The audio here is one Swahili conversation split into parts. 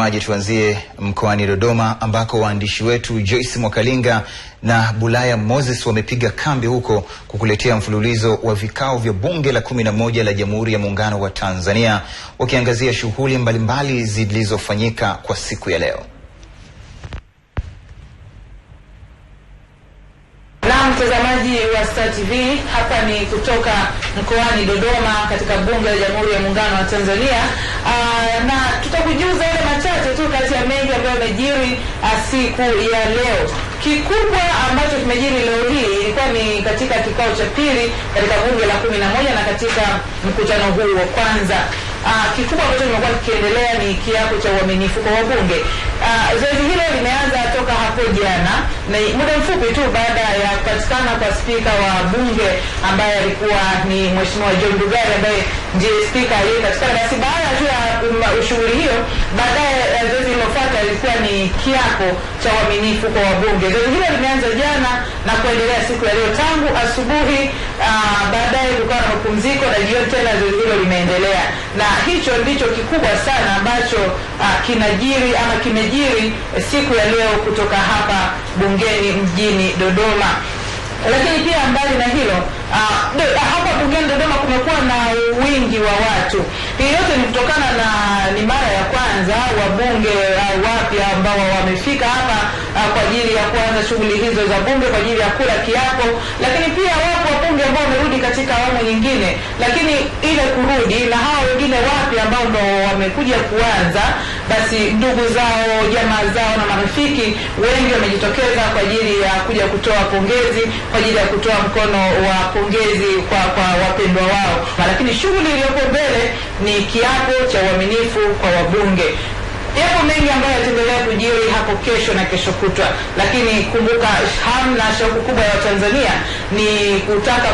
Maji tuanzie mkoani Dodoma ambako waandishi wetu Joyce Mwakalinga na Bulaya Moses wamepiga kambi huko kukuletea mfululizo wa vikao vya bunge la kumi na moja la Jamhuri ya Muungano wa Tanzania wakiangazia shughuli mbalimbali zilizofanyika kwa siku ya leo. Mtazamaji wa Star TV, hapa ni kutoka mkoani Dodoma katika bunge la Jamhuri ya Muungano wa Tanzania. Aa, ah, na tutakujuza yale machache tu kati ya mengi ambayo yamejiri ah, siku ya leo. Kikubwa ambacho kimejiri leo hii ilikuwa ni katika kikao cha pili katika bunge la kumi na moja na katika mkutano huu wa kwanza ah, kikubwa ambacho kimekuwa kikiendelea ni kiapo cha uaminifu kwa wabunge. Zoezi hilo limeanza jana, na muda mfupi tu baada ya kupatikana kwa spika wa bunge ambaye alikuwa ni mheshimiwa John Dugari ambaye ndiye spika aliyepatikana. Basi baada tu ya um, shughuli hiyo, baadaye zoezi eh, lilofuata ilikuwa ni kiapo cha uaminifu kwa wabunge. Zoezi hilo limeanza jana na kuendelea siku ya leo tangu asubuhi. Ah, baadaye kukawa na mapumziko na jioni tena zoezi hilo limeendelea na hicho ndicho kikubwa sana ambacho uh, kinajiri ama kimejiri siku ya leo kutoka hapa bungeni mjini Dodoma lakini pia mbali na hilo uh, hapa bungeni Dodoma kumekuwa na wingi wa watu. Hii yote ni kutokana na ni mara ya kwanza wabunge wapya ambao wamefika hapa ah, kwa ajili ya kuanza shughuli hizo za bunge kwa ajili ya kula kiapo, lakini pia wapo wabunge ambao wamerudi katika awamu nyingine, lakini ile kurudi na hao wengine wapya ambao ndo wamekuja kuanza, basi ndugu zao, jamaa zao na marafiki wengi wamejitokeza kwa ajili ya kuja kutoa pongezi, kwa ajili ya kutoa mkono wa pongezi kwa kwa wapendwa wao, lakini shughuli iliyopo mbele ni kiapo cha uaminifu kwa wabunge. Yapo mengi ambayo yataendelea kujiri hapo kesho na kesho kutwa, lakini kumbuka, hamu na shauku kubwa ya Watanzania ni kutaka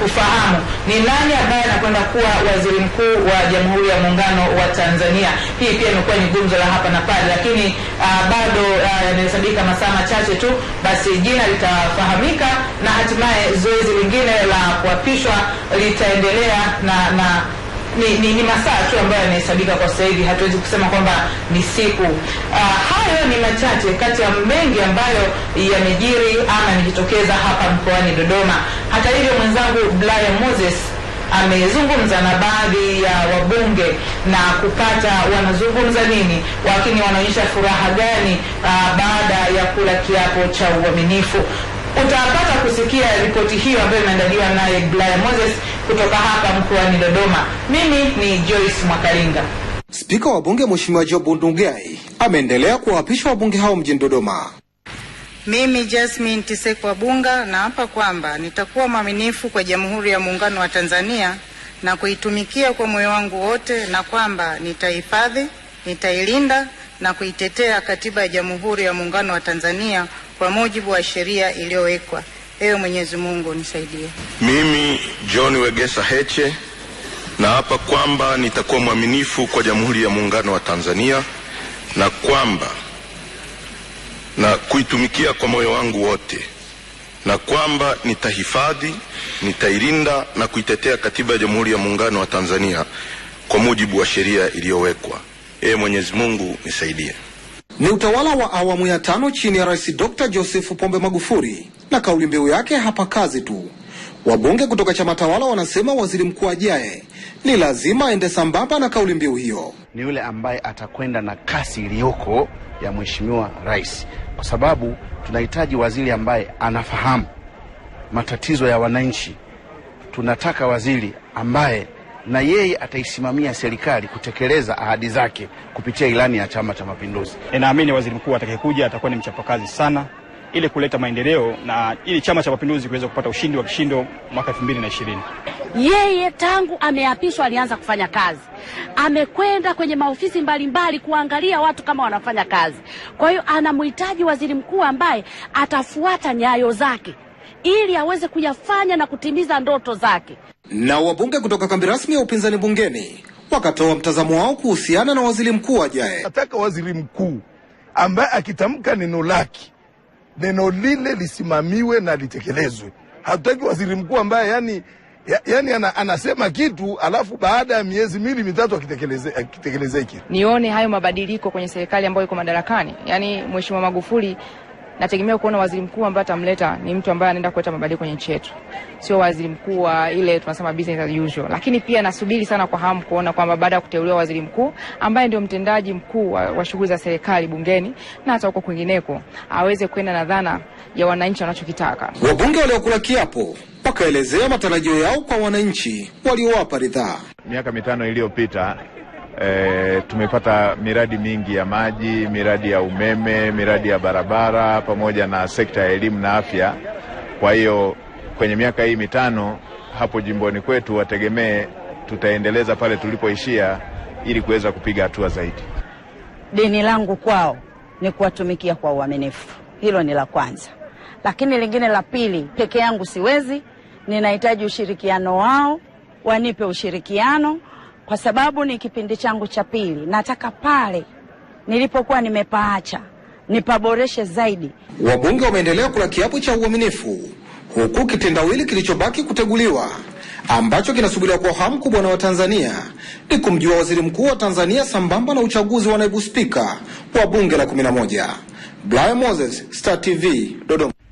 kufahamu ni nani ambaye anakwenda kuwa waziri mkuu wa Jamhuri ya Muungano wa Tanzania. Hii pia imekuwa ni gumzo la hapa na pale, lakini uh, bado ah, yanahesabika uh, masaa machache tu, basi jina litafahamika na hatimaye zoezi lingine la kuapishwa litaendelea na na ni, ni, ni masaa tu ambayo yanahesabika kwa sasa hivi, hatuwezi kusema kwamba ni siku. Uh, hayo ni machache kati ya mengi ambayo yamejiri ama yamejitokeza hapa mkoani Dodoma. Hata hivyo, mwenzangu Blaya Moses amezungumza na baadhi ya wabunge na kupata wanazungumza nini, lakini wanaonyesha furaha gani uh, baada ya kula kiapo cha uaminifu. Utapata kusikia ripoti hiyo ambayo imeandaliwa naye Blaya Moses kutoka hapa mkoani Dodoma. Mimi ni Joyce Mwakalinga. Spika wa Bunge Mheshimiwa Job Ndugai ameendelea kuwaapishwa wabunge hao mjini Dodoma. Mimi Jasmine Tiseko Wabunga naapa kwamba nitakuwa mwaminifu kwa Jamhuri ya Muungano wa Tanzania na kuitumikia kwa moyo wangu wote, na kwamba nitahifadhi, nitailinda na kuitetea Katiba ya Jamhuri ya Muungano wa Tanzania kwa mujibu wa sheria iliyowekwa. Ewe Mwenyezi Mungu unisaidie. Mimi John Wegesa Heche naapa kwamba nitakuwa mwaminifu kwa Jamhuri ya Muungano wa Tanzania na kwamba na kuitumikia kwa moyo wangu wote na kwamba nitahifadhi, nitailinda na kuitetea Katiba ya Jamhuri ya Muungano wa Tanzania kwa mujibu wa sheria iliyowekwa. Ee Mwenyezi Mungu nisaidie. Ni utawala wa awamu ya tano chini ya Rais Dr. Joseph Pombe Magufuli na kauli mbiu yake hapa kazi tu. Wabunge kutoka chama tawala wanasema waziri mkuu ajaye ni lazima aende sambamba na kauli mbiu hiyo. Ni yule ambaye atakwenda na kasi iliyoko ya mheshimiwa rais, kwa sababu tunahitaji waziri ambaye anafahamu matatizo ya wananchi. Tunataka waziri ambaye na yeye ataisimamia serikali kutekeleza ahadi zake kupitia ilani ya Chama cha Mapinduzi. Ninaamini waziri mkuu atakayekuja atakuwa ni mchapakazi sana ili kuleta maendeleo na ili Chama cha Mapinduzi kuweza kupata ushindi wa kishindo mwaka 2020. Yeye tangu ameapishwa alianza kufanya kazi, amekwenda kwenye maofisi mbalimbali kuangalia watu kama wanafanya kazi. Kwa hiyo anamhitaji waziri mkuu ambaye atafuata nyayo zake ili aweze kuyafanya na kutimiza ndoto zake. Na wabunge kutoka kambi rasmi ya upinzani bungeni wakatoa mtazamo wao kuhusiana na waziri mkuu ajaye. Nataka waziri mkuu ambaye akitamka neno lake neno lile lisimamiwe na litekelezwe. Hatutaki waziri mkuu ambaye yani, ya, yani ana, anasema kitu alafu baada ya miezi miwili mitatu akitekelezeke akitekelezeki. Nione hayo mabadiliko kwenye serikali ambayo iko madarakani, yani Mheshimiwa Magufuli nategemea kuona waziri mkuu ambaye atamleta ni mtu ambaye anaenda kuleta mabadiliko kwenye nchi yetu, sio waziri mkuu wa ile tunasema business as usual. Lakini pia nasubiri sana kwa hamu kuona kwamba baada ya kuteuliwa waziri mkuu ambaye ndio mtendaji mkuu wa, wa shughuli za serikali bungeni na hata huko kwingineko aweze kwenda na dhana ya wananchi wanachokitaka. Wabunge waliokula kiapo wakaelezea matarajio yao kwa wananchi waliowapa ridhaa miaka mitano iliyopita E, tumepata miradi mingi ya maji, miradi ya umeme, miradi ya barabara pamoja na sekta ya elimu na afya. Kwa hiyo kwenye miaka hii mitano hapo jimboni kwetu wategemee tutaendeleza pale tulipoishia ili kuweza kupiga hatua zaidi. dini langu kwao ni kuwatumikia kwa uaminifu, hilo ni la kwanza, lakini lingine la pili, peke yangu siwezi, ninahitaji ushirikiano wao, wanipe ushirikiano kwa sababu ni kipindi changu cha pili. Nataka pale nilipokuwa nimepaacha nipaboreshe zaidi. Wabunge wameendelea kula kiapo cha uaminifu huku kitendawili kilichobaki kuteguliwa ambacho kinasubiriwa kwa hamu kubwa na Watanzania ni kumjua waziri mkuu wa Tanzania sambamba na uchaguzi wa naibu spika wa bunge la 11. Brian Moses, Star TV, Dodoma.